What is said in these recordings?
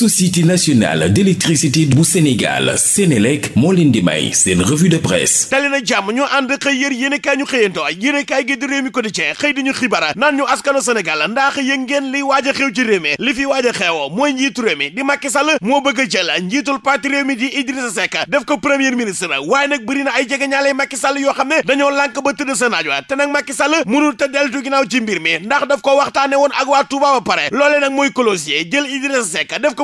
société nationale d'électricité bu Sénégal Sénélec moo leen di may seen revue de presse dali na jàmm ñu ànd xëy yër yéenekaay ñu xëyanto yéenekaay gi di réew mi quotidien xëy di ñu xibara naan ñu askanu Sénégal ndax yëg ngeen liy waaj a xew mi li fi waaj a mooy njiitu réew di Macky moo bëgg a jël njiitul parti réew di Idrissa Seck def ko premier ministre waaye nag bëri ay jegeñaale Macky Sall yoo xam ne dañoo lànk ba tëdd sa naaj wa te nag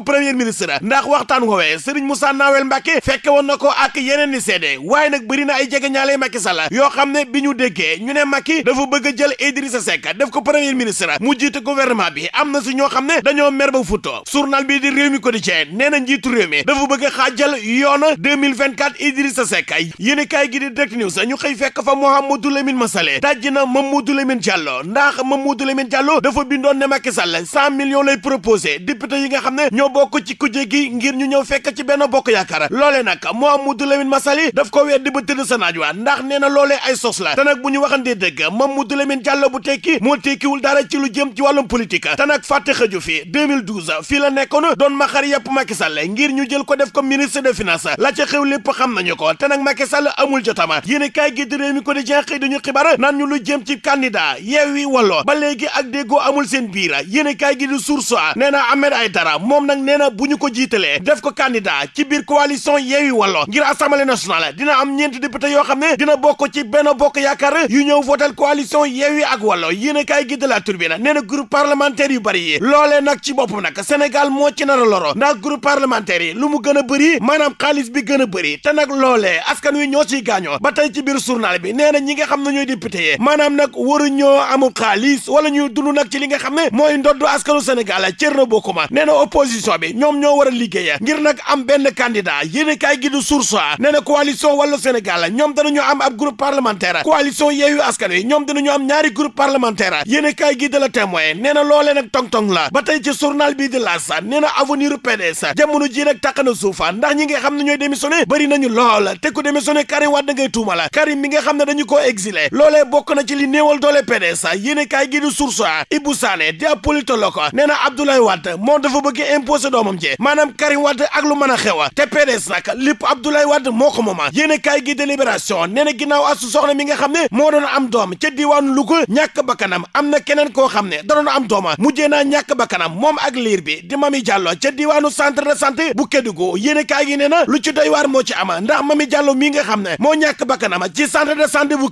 premier ministre ndax waxtaan woowee Serigne Moussa Nawel Mbacke fekke woon na ko ak yeneen ni seede waaye nag bëri na ay jege ñaale Macky Sall yoo xam ne bi ñu déggee ñu ne Macky dafa bëgg a jël Idrissa Seck def ko premier ministre mu jiite gouvernement bi am na si ñoo xam ne dañoo mer ba futo journal bi di réew mi quotidien nee na njiitu réew mi dafa bëgg a xaajal yoon 2024 Idrissa Seck yéen kaay gi di direct news ñu xëy fekk fa Mouhamadou na Mamadou Lamine Diallo lay proposé député yi dañoo bokk ci kujje gi ngir ñu ñëw fekk ci benn bokk yaakaar loole nag Mamadou Lamine Massaly daf ko weddi ba tëdd sa naaj waa ndax nee loole loolee ay sos la te nag bu ñu waxantee dëgg Mamadou Lamine Diallo bu tekki moo tekkiwul dara ci lu jëm ci wàllum politique te nag fàtte xëju fi 2012 fii la nekkoon doon ma xar yàpp Macky ngir ñu jël ko def ko ministre des finances la ca xew lépp xam nañu ko te nag Macky Sall amul jotama yéen kaay gi di réew mi ko di jenqëy dañu xibaar naan ñu lu jëm ci candidat yeew yi walloo ba léegi ak déggoo amul seen biira yéen kaay gi di source nee na Ahmed Aïdara moom nag nee na bu ñu ko jiitalee def ko candidat ci biir coalition Yewwi Wallu ngir na nationale dina am ñeenti député yoo xam ne dina bokk ci Benno Bokk Yaakaar yu ñëw votel coalition Yewwi ak Wallu yéen a kaay gi de la Tribune nee na groupe parlementaire yu bëri yi loolee nag ci bopp nag Sénégal moo ci nar a loro ndax groupe parlementaire yi lu mu gën a bëri maanaam xaalis bi gën a bëri te nag loolee askan wi ñoo ci gaañoo ba tey ci biir journal bi nee na ñi nga xam ne ñooy député yi maanaam nag waru ñoo amul wala ñuy dund nag ci li nga xam ne mooy ndoddu askanu Sénégal cër na bokkuma nee na opposition opposition bi ñoom ñoo war a liggéeya ngir am benn candidat yéene kaay gi du source nee na coalition wàllu Sénégal ñoom danañu am ab groupe parlementaire coalition yeeyu askan wi ñoom ñaari groupe parlementaire yéene kaay gi de la témoin nee nag tong-tong la ba ci journal bii di laas avenir PDS jamono ji nag tàq suufa ndax ñi nga xam ne ñooy démissionné bëri nañu lool te ku démissionné Karim Wade ngay tuuma la Karim mi nga xam na ci moo sa doomam jee maanaam Karim Wade ak lu mën a xew nag lépp Abdoulaye Wade moo ko mooma yéene gi délibération nee na ginnaaw asu soxna mi xam ne moo doon am doom ca diwaanu Louga ñàkk bakkanam am na keneen koo xam ne da doon am dooma mujjee naa ñàkk bakkanam moom ak liir bi di Mami Diallo ca diwaanu centre de santé bu Kédougou yéene kaay gi nee na lu moo ci ama ndax Mami Diallo mi nga xam ne moo ñàkk bakkanam ci centre de santé bu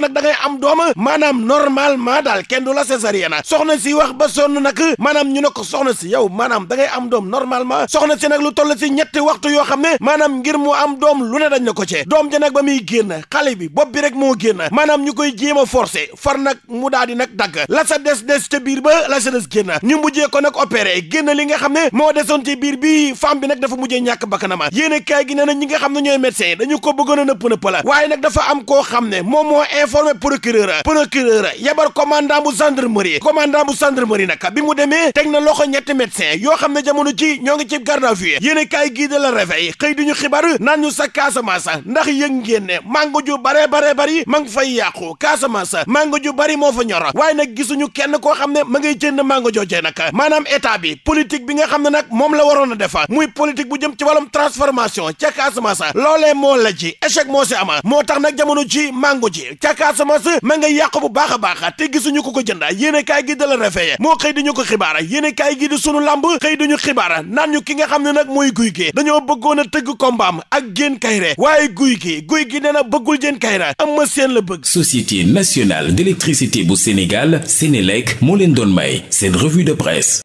a nag da ngay am dooma maanaam normalement daal kenn du la na soxna si wax ba sonn nag maanaam ñu ne ko soxna si yow maanaam da ngay am doom normalement soxna si nag lu tolla si ñetti waxtu yoo xam ne maanaam ngir mu am doom lu ne dañ na ko ci doom ji nag ba muy génn xale bi bopp bi rek moo génn maanaam ñu koy jéem ma forcé far nag mu daal di nag dagg la sa des des ca biir ba la sa des génn ñu mujjee ko nag opéré génn li nga xam ne moo desoon ci biir bii femme bi nag dafa ñàkk bakkanama yéen a kaay gi ñi nga xam ne ñooy médecin dañu ko bëggoon a nëpp nëpp la waaye nag dafa am koo xam ne moom moo info formé procureur procureur yebal commandant bu gendarmerie commandant bu gendarmerie nag bi mu demee teg na loxo ñetti médecin yoo xam ne jamono ci ñoo ngi ci garde à vue yéen kaay gii de la réveil xëy di ñu xibaar naan ñu sa Casamance ndax yëg ngeen ne mango ju bare bare bari ma ngi fay yàqu Casamance mango ju bari moo fa ñor waaye nag gisuñu kenn koo xam ne ma ngay jënd mango joojee nag maanaam état bi bi nga xam ne nag moom la waroon a defa muy politique bu jëm ci wàllum transformation ca Casamance loolee moo la ji échec moo si ama moo tax nag jamono ji mango ji Casamance ma nga yàqu bu baax a baax te gisuñu ko ko jënda yéene kaay gi da la refeye moo xëy di ko xibaara yéene kaay gi di sunu làmb xëy di ñu xibaara naan ñu ki nga xam ne nag mooy guy gi dañoo bëggoon a tëgg kombaam ak Diène Kaïré waaye guy gi guy gi nee na bëggul Diène Kaïré Eumeu Sène la bëgg Société nationale d'électricité bu Sénégal Sénélec moo leen doon may seen revue de presse